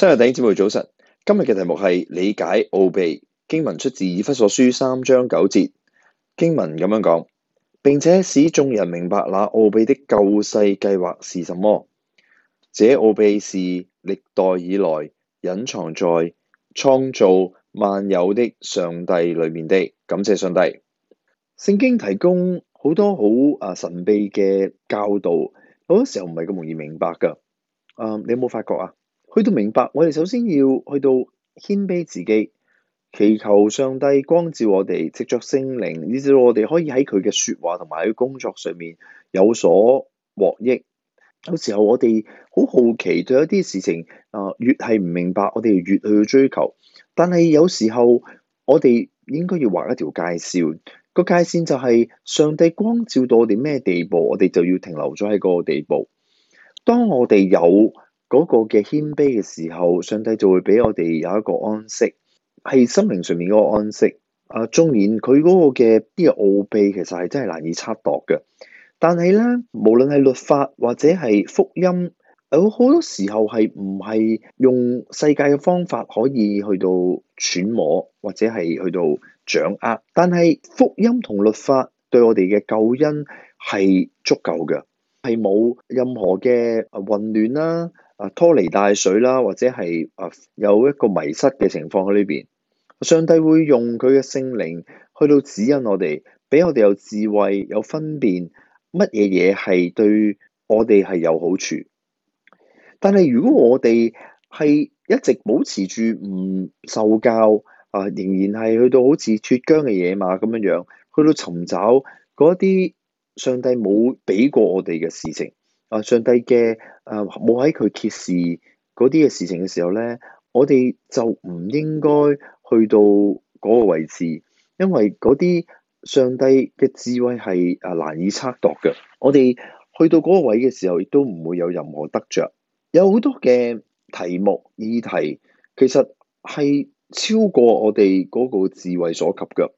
七日電影節目早晨，今日嘅題目係理解奧秘，經文出自以弗所書三章九節，經文咁樣講，並且使眾人明白那奧秘的救世計劃是什麼。這奧秘是歷代以來隱藏在創造萬有的上帝裏面的。感謝上帝，聖經提供好多好啊神秘嘅教導，好多時候唔係咁容易明白噶。啊、嗯，你有冇發覺啊？去到明白，我哋首先要去到謙卑自己，祈求上帝光照我哋，藉著聖靈，以至我哋可以喺佢嘅說話同埋喺工作上面有所獲益。有時候我哋好好奇，對一啲事情，啊、呃，越係唔明白，我哋越去追求。但係有時候我哋應該要畫一條界線，個界線就係上帝光照到我哋咩地步，我哋就要停留咗喺嗰個地步。當我哋有嗰個嘅謙卑嘅時候，上帝就會俾我哋有一個安息，係心靈上面嗰個安息。啊，縱然佢嗰個嘅啲，呢個奧秘其實係真係難以測度嘅。但係咧，無論係律法或者係福音，有好多時候係唔係用世界嘅方法可以去到揣摩或者係去到掌握。但係福音同律法對我哋嘅救恩係足夠嘅。係冇任何嘅混亂啦，啊，拖離大啊拖泥帶水啦，或者係啊有一個迷失嘅情況喺呢邊。上帝會用佢嘅聖靈去到指引我哋，俾我哋有智慧，有分辨，乜嘢嘢係對我哋係有好處。但係如果我哋係一直保持住唔受教，啊仍然係去到好似脫韁嘅野馬咁樣樣，去到尋找嗰啲。上帝冇俾過我哋嘅事情，啊！上帝嘅誒冇喺佢揭示嗰啲嘅事情嘅時候咧，我哋就唔應該去到嗰個位置，因為嗰啲上帝嘅智慧係啊難以測度嘅。我哋去到嗰個位嘅時候，亦都唔會有任何得着。有好多嘅題目、議題，其實係超過我哋嗰個智慧所及嘅。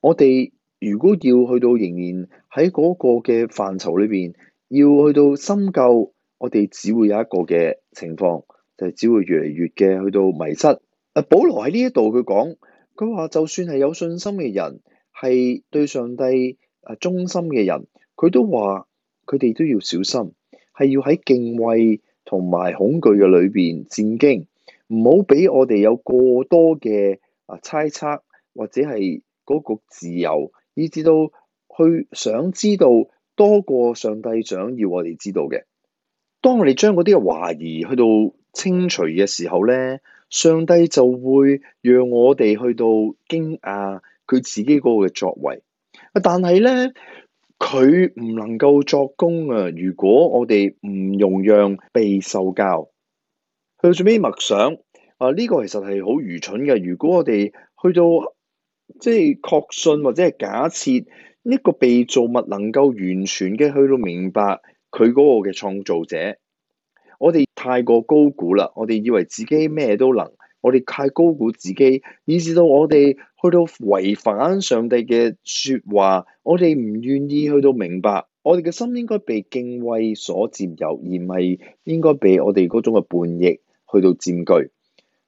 我哋如果要去到仍然喺嗰個嘅範疇裏邊，要去到深究，我哋只會有一個嘅情況，就係、是、只會越嚟越嘅去到迷失。啊，保羅喺呢一度佢講，佢話就算係有信心嘅人，係對上帝誒忠心嘅人，佢都話佢哋都要小心，係要喺敬畏同埋恐懼嘅裏邊戰驚，唔好俾我哋有過多嘅啊猜測或者係嗰個自由。以至到去想知道多過上帝想要我哋知道嘅，當我哋將嗰啲嘅懷疑去到清除嘅時候咧，上帝就會讓我哋去到驚訝佢自己嗰個嘅作為。但係咧，佢唔能夠作工啊！如果我哋唔容讓被受教去做啲默想啊，呢、這個其實係好愚蠢嘅。如果我哋去到。即係確信或者係假設呢個被造物能夠完全嘅去到明白佢嗰個嘅創造者，我哋太過高估啦！我哋以為自己咩都能，我哋太高估自己，以至到我哋去到違反上帝嘅說話。我哋唔願意去到明白，我哋嘅心應該被敬畏所佔有，而唔係應該被我哋嗰種嘅叛逆去到佔據。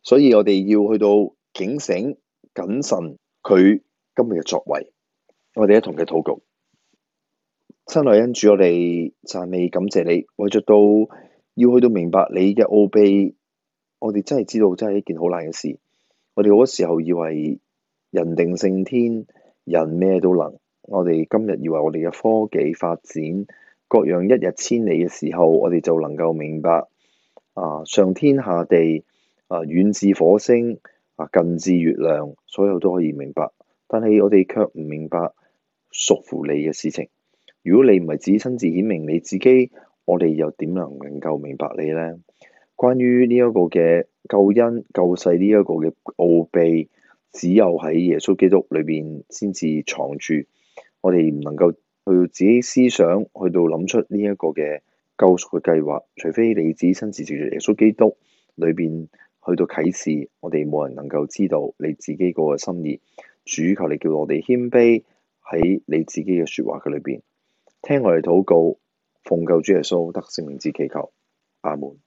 所以我哋要去到警醒、謹慎。佢今日嘅作為，我哋一同嘅禱告，天父恩主，我哋讚美感謝你。為着到要去到明白你嘅奧秘，我哋真係知道真係一件好難嘅事。我哋好多時候以為人定勝天，人咩都能。我哋今日以為我哋嘅科技發展各樣一日千里嘅時候，我哋就能夠明白，啊，上天下地，啊，遠至火星。啊，近至月亮，所有都可以明白，但係我哋卻唔明白屬乎你嘅事情。如果你唔係自己親自顯明你自己，我哋又點能能夠明白你呢？關於呢一個嘅救恩、救世呢一個嘅奧秘，只有喺耶穌基督裏邊先至藏住。我哋唔能夠去自己思想，去到諗出呢一個嘅救贖嘅計劃，除非你自己親自住喺耶穌基督裏邊。去到啟示，我哋冇人能夠知道你自己個心意。主求你叫我哋謙卑喺你自己嘅説話嘅裏邊，聽我哋禱告，奉救主耶穌得聖名之祈求，阿門。